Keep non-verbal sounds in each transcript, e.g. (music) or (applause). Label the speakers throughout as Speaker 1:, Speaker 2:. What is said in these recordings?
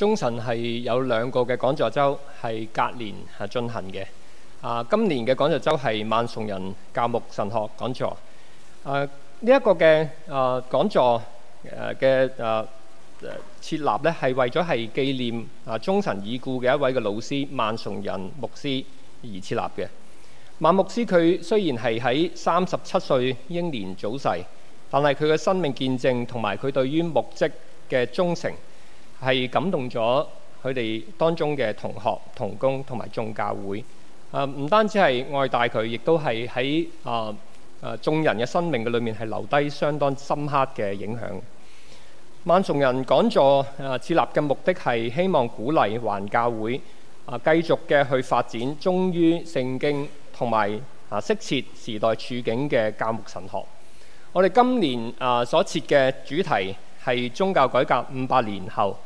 Speaker 1: 中神係有兩個嘅講座周係隔年係進行嘅。啊，今年嘅講座周係萬崇仁教牧神學講座。誒、啊，呢、這、一個嘅誒、啊、講座誒嘅誒設立咧係為咗係紀念啊中神已故嘅一位嘅老師萬崇仁牧師而設立嘅。萬牧師佢雖然係喺三十七歲英年早逝，但係佢嘅生命見證同埋佢對於牧職嘅忠誠，係感動咗佢哋當中嘅同學、同工同埋眾教會啊，唔單止係愛戴，佢，亦都係喺啊啊眾、呃、人嘅生命嘅裏面係留低相當深刻嘅影響。萬崇仁講座啊，設立嘅目的係希望鼓勵環教會啊，繼續嘅去發展忠於聖經同埋啊適切時代處境嘅教牧神學。我哋今年啊所設嘅主題係宗教改革五百年後。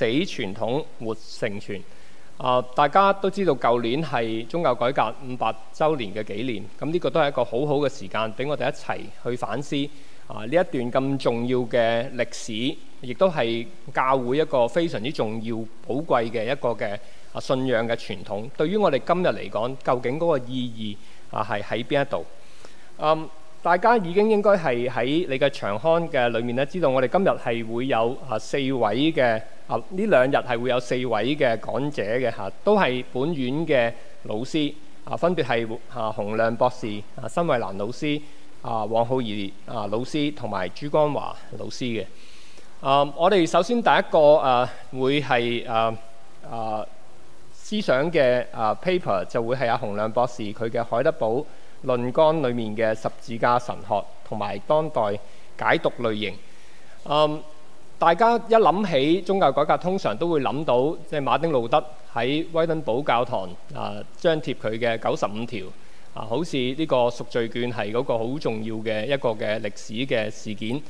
Speaker 1: 死傳統活傳承啊、呃！大家都知道，舊年係宗教改革五百週年嘅紀念，咁呢個都係一個好好嘅時間，俾我哋一齊去反思啊呢、呃、一段咁重要嘅歷史，亦都係教會一個非常之重要、寶貴嘅一個嘅信仰嘅傳統。對於我哋今日嚟講，究竟嗰個意義啊係喺邊一度？呃大家已經應該係喺你嘅長刊嘅裏面咧，知道我哋今日係會有啊四位嘅啊，呢兩日係會有四位嘅、啊、講者嘅嚇、啊，都係本院嘅老師啊，分別係啊洪亮博士、啊辛惠蘭老師、啊黃浩儀啊老師同埋朱光華老師嘅。啊，我哋首先第一個啊會係啊啊思想嘅啊 paper 就會係阿、啊、洪亮博士佢嘅海德堡。論綱裏面嘅十字架神學同埋當代解讀類型，嗯、大家一諗起宗教改革，通常都會諗到即、係、馬丁路德喺威登堡教堂啊張貼佢嘅九十五條啊，好似呢個贖罪券係嗰個好重要嘅一個嘅歷史嘅事件。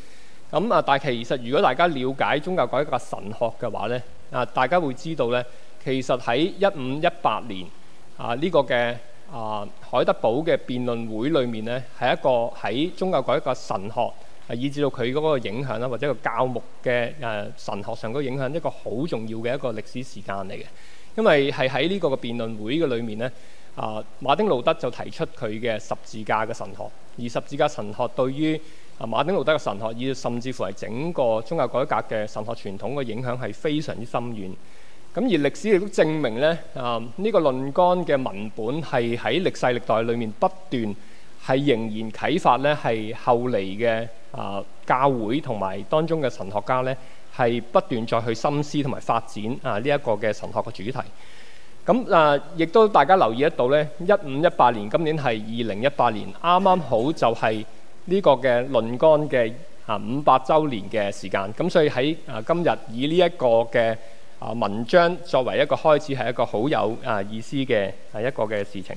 Speaker 1: 咁啊，但其實如果大家了解宗教改革神學嘅話呢，啊，大家會知道呢，其實喺一五一八年啊呢、呢個嘅啊，海德堡嘅辯論會裏面咧，係一個喺宗教改革神學，係、啊、以至到佢嗰個影響啦，或者個教牧嘅誒神學上嗰個影響，啊、影響一個好重要嘅一個歷史時間嚟嘅。因為係喺呢個嘅辯論會嘅裏面咧，啊，馬丁路德就提出佢嘅十字架嘅神學，而十字架神學對於啊馬丁路德嘅神學，以甚至乎係整個宗教改革嘅神學傳統嘅影響係非常之深遠。咁而歷史亦都證明咧啊，呢、這個論綱嘅文本係喺歷世歷代裏面不斷係仍然啟發咧，係後嚟嘅啊教會同埋當中嘅神學家咧，係不斷再去深思同埋發展啊呢一、這個嘅神學嘅主題。咁啊，亦都大家留意得到咧，一五一八年，今年係二零一八年，啱啱好就係呢個嘅論綱嘅啊五百週年嘅時間。咁所以喺啊今日以呢一個嘅，啊文章作為一個開始，係一個好有啊意思嘅啊一個嘅事情。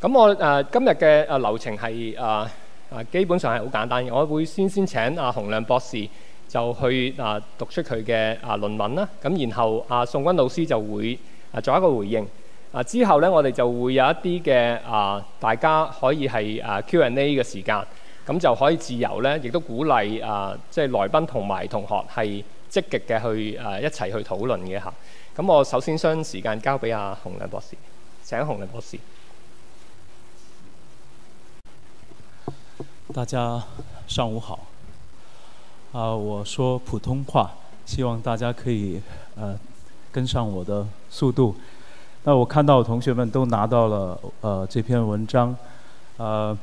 Speaker 1: 咁我誒今日嘅誒流程係誒誒基本上係好簡單。我會先先請阿洪亮博士就去啊讀出佢嘅啊論文啦。咁然後阿宋軍老師就會啊作一個回應。啊之後咧，我哋就會有一啲嘅啊大家可以係啊 Q&A 嘅時間。咁就可以自由咧，亦都鼓勵啊即係來賓同埋同學係。積極嘅去、呃、一齊去討論嘅下。咁我首先將時間交俾阿洪亮博士。請洪亮博士。
Speaker 2: 大家上午好，啊、呃，我說普通話，希望大家可以誒、呃、跟上我的速度。那我看到同學們都拿到了誒、呃、這篇文章，誒、呃、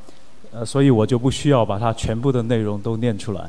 Speaker 2: 誒，所以我就不需要把它全部的內容都念出來。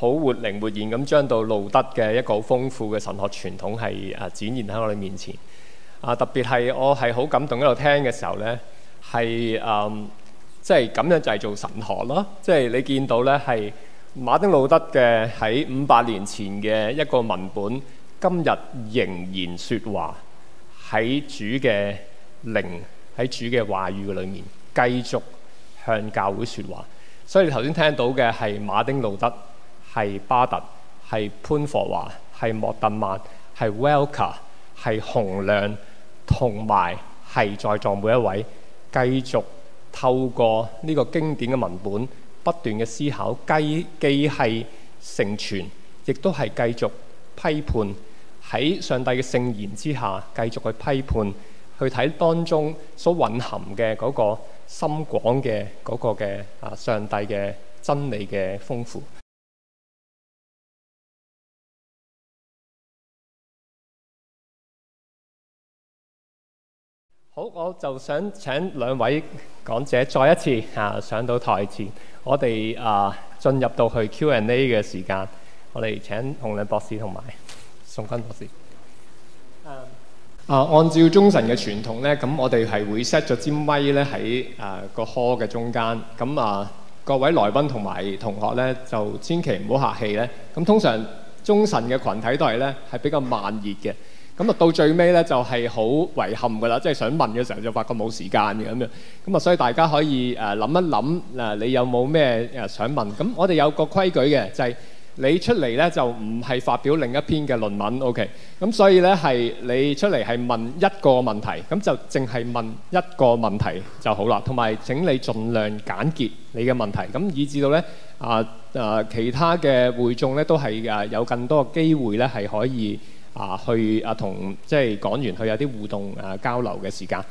Speaker 1: 好活靈活現咁將到路德嘅一個豐富嘅神學傳統係啊展現喺我哋面前啊，特別係我係好感動喺度聽嘅時候呢係誒、嗯、即係咁樣就係做神學咯，即係你見到呢係馬丁路德嘅喺五百年前嘅一個文本，今日仍然説話，喺主嘅靈、喺主嘅話語嘅裡面繼續向教會説話，所以你頭先聽到嘅係馬丁路德。係巴特，係潘霍華，係莫特曼，係 Welker，係洪亮，同埋係在座每一位，繼續透過呢個經典嘅文本，不斷嘅思考，繼既係成全，亦都係繼續批判喺上帝嘅聖言之下，繼續去批判，去睇當中所蘊含
Speaker 3: 嘅嗰個深廣嘅嗰個嘅啊，上帝嘅真理嘅豐富。好，我就想請
Speaker 1: 兩位講者再一次嚇、啊、上到台前，我哋啊進入到去 Q&A 嘅時間，我哋請洪亮博士同埋宋軍博士。Uh, 啊，按照中神嘅傳統呢，咁我哋係會 set 咗尖威咧喺啊、嗰個 hall 嘅中間。咁啊，各位來賓同埋同學呢，就千祈唔好客氣呢。咁通常中神嘅群體都係呢，係比較慢熱嘅。咁啊，到最尾咧就係好遺憾噶啦，即係想問嘅時候就發覺冇時間嘅咁樣。咁啊，所以大家可以誒諗一諗誒，你有冇咩誒想問？咁我哋有個規矩嘅就係你出嚟咧就唔係發表另一篇嘅論文，OK？咁所以咧係你出嚟係問一個問題，咁就淨係問一個問題就好啦。同埋請你盡量簡潔你嘅問題，咁以至到咧啊啊其他嘅會眾咧都係誒有更多機會咧係可以。啊，去啊同即係講完，去有啲互動啊交流嘅時間。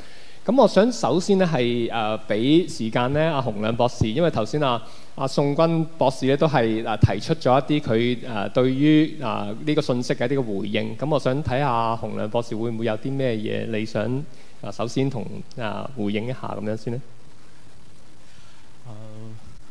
Speaker 1: 咁我想首先咧係誒俾時間咧，阿洪亮博士，因為頭先啊阿、啊、宋君博士咧都係嗱提出咗一啲佢誒對於啊呢、這個信息嘅一啲嘅回應。咁我想睇下洪亮博士會唔會有啲咩嘢你想啊首先同啊回應一下咁樣先咧。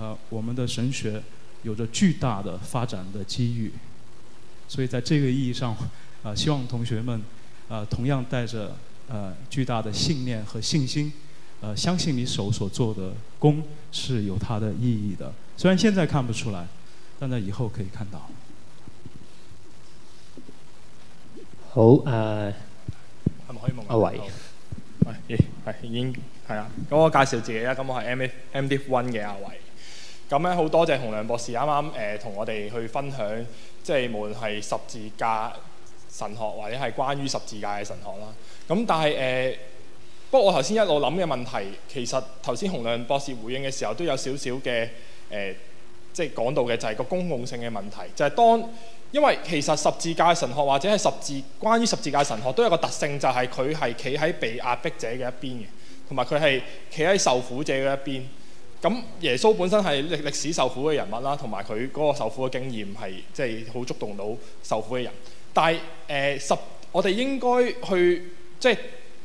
Speaker 2: Uh, 我們的神學有着巨大的發展的機遇，所以在這個意義上，呃，希望同學們，呃、同樣帶着呃巨大的信念和信心，呃，相信你手所做的工是有它的意義的。雖然現在看不出來，但在以後可以看到。
Speaker 1: 好，呃、uh,，阿偉、啊，喂，咦、哎
Speaker 4: 哎，已經係啊？咁我介紹自己啦，咁我係 MDF One 嘅阿偉。啊咁咧好多謝洪亮博士啱啱誒同我哋去分享，即係無論係十字架神學或者係關於十字架嘅神學啦。咁但係誒，不過我頭先一路諗嘅問題，其實頭先洪亮博士回應嘅時候都有少少嘅誒，即係講到嘅就係個公共性嘅問題，就係當因為其實十字架神學或者係十字關於十字架神學都有一個特性，就係佢係企喺被壓迫者嘅一邊嘅，同埋佢係企喺受苦者嘅一邊。咁耶穌本身係歷歷史受苦嘅人物啦，同埋佢嗰個受苦嘅經驗係即係好觸動到受苦嘅人。但係誒、呃、十我哋應該去即係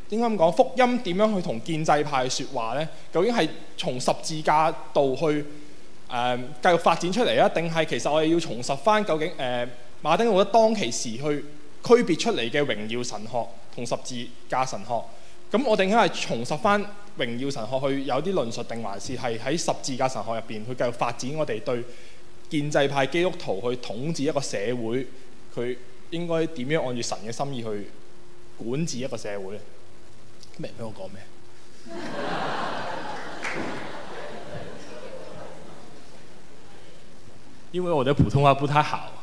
Speaker 4: 應該咁講福音點樣去同建制派説話呢？究竟係從十字架度去誒繼、呃、續發展出嚟啊？定係其實我哋要重拾翻究竟誒、呃、馬丁路德當其時去區別出嚟嘅榮耀神學同十字架神學？咁我哋應該係重拾翻榮耀神學，去有啲論述定還是係喺十字架神學入邊去繼續發展我哋對建制派基督徒去統治一個社會，佢應該點樣按住神嘅心意去管治一個社會呢？明唔明我講咩？ (laughs) 因為我哋普通話不太好。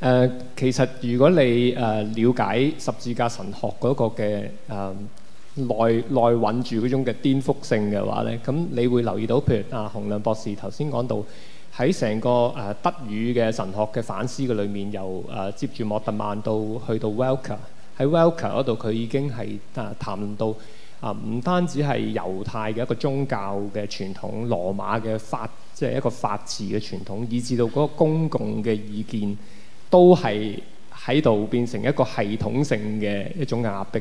Speaker 1: 誒、呃，其實如果你誒、呃、了解十字架神學嗰個嘅誒內內穩住嗰種嘅顛覆性嘅話咧，咁你會留意到，譬如啊洪亮博士頭先講到喺成個誒、呃、德語嘅神學嘅反思嘅裏面，由誒、呃、接住莫特曼到去到 Welker 喺 Welker 嗰度，佢已經係誒、呃、談到啊，唔、呃、單止係猶太嘅一個宗教嘅傳統、羅馬嘅法，即、就、係、是、一個法治嘅傳統，以至到嗰個公共嘅意見。都係喺度變成一個系統性嘅一種壓迫，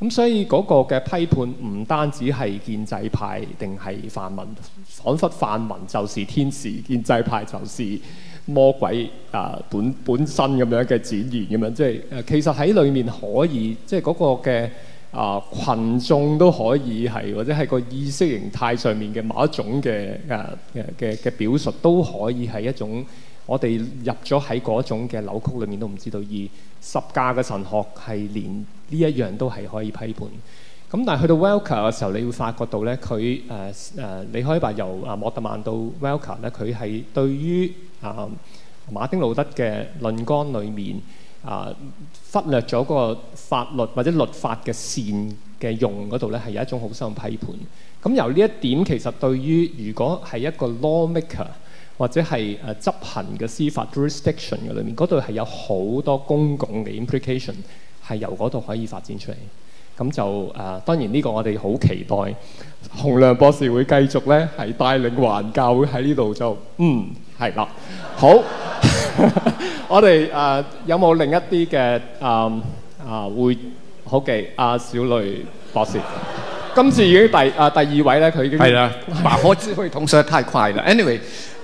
Speaker 1: 咁所以嗰個嘅批判唔單止係建制派定係泛民，彷彿泛民就是天使，建制派就是魔鬼啊、呃！本本身咁樣嘅展現咁樣，即係誒其實喺裏面可以，即係嗰個嘅啊羣眾都可以係，或者係個意識形態上面嘅某一種嘅誒誒嘅嘅表述都可以係一種。我哋入咗喺嗰種嘅扭曲裏面都唔知道，而十架嘅神學係連呢一樣都係可以批判。咁但係去到 Welker 嘅時候，你會發覺到咧，佢誒誒，你可以話由啊莫特曼到 Welker 咧，佢係對於啊馬丁路德嘅《論、啊、綱》裏面啊忽略咗嗰個法律或者律法嘅善嘅用嗰度咧，係有一種好深批判。咁由呢一點其實對於如果係一個 lawmaker。或者係誒執行嘅司法 jurisdiction 嘅裏面，嗰度係有好多公共嘅 implication，係由嗰度可以發展出嚟。咁就誒、呃，當然呢個我哋好期待洪亮博士會繼續咧，係帶領環教會喺呢度做。嗯，係啦，好。 (laughs) (laughs) 我哋誒、呃、有冇另一啲嘅誒啊？會好嘅，阿、呃、小雷博士， (laughs) 今次已經第啊、呃、第
Speaker 5: 二位咧，佢已經係啦，麻的、 (laughs) 啊、知，智慧通縮得太快啦。anyway。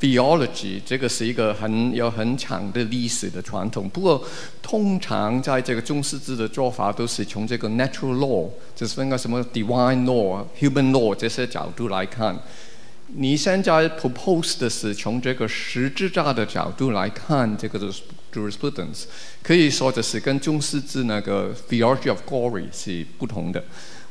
Speaker 5: theology 這個是一個很有很長的歷史的傳統，不過通常在這個中世紀的做法都是從這個 natural law，就是分個什麼 divine law、human law 這些角度來看。你現在 propose 的是從這個十字架的角度來看，這個就是 jurisprudence，可以說就是跟中世紀那個 theology of glory 是不同的。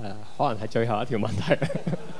Speaker 1: 誒，可能係最後一條問題。 (laughs)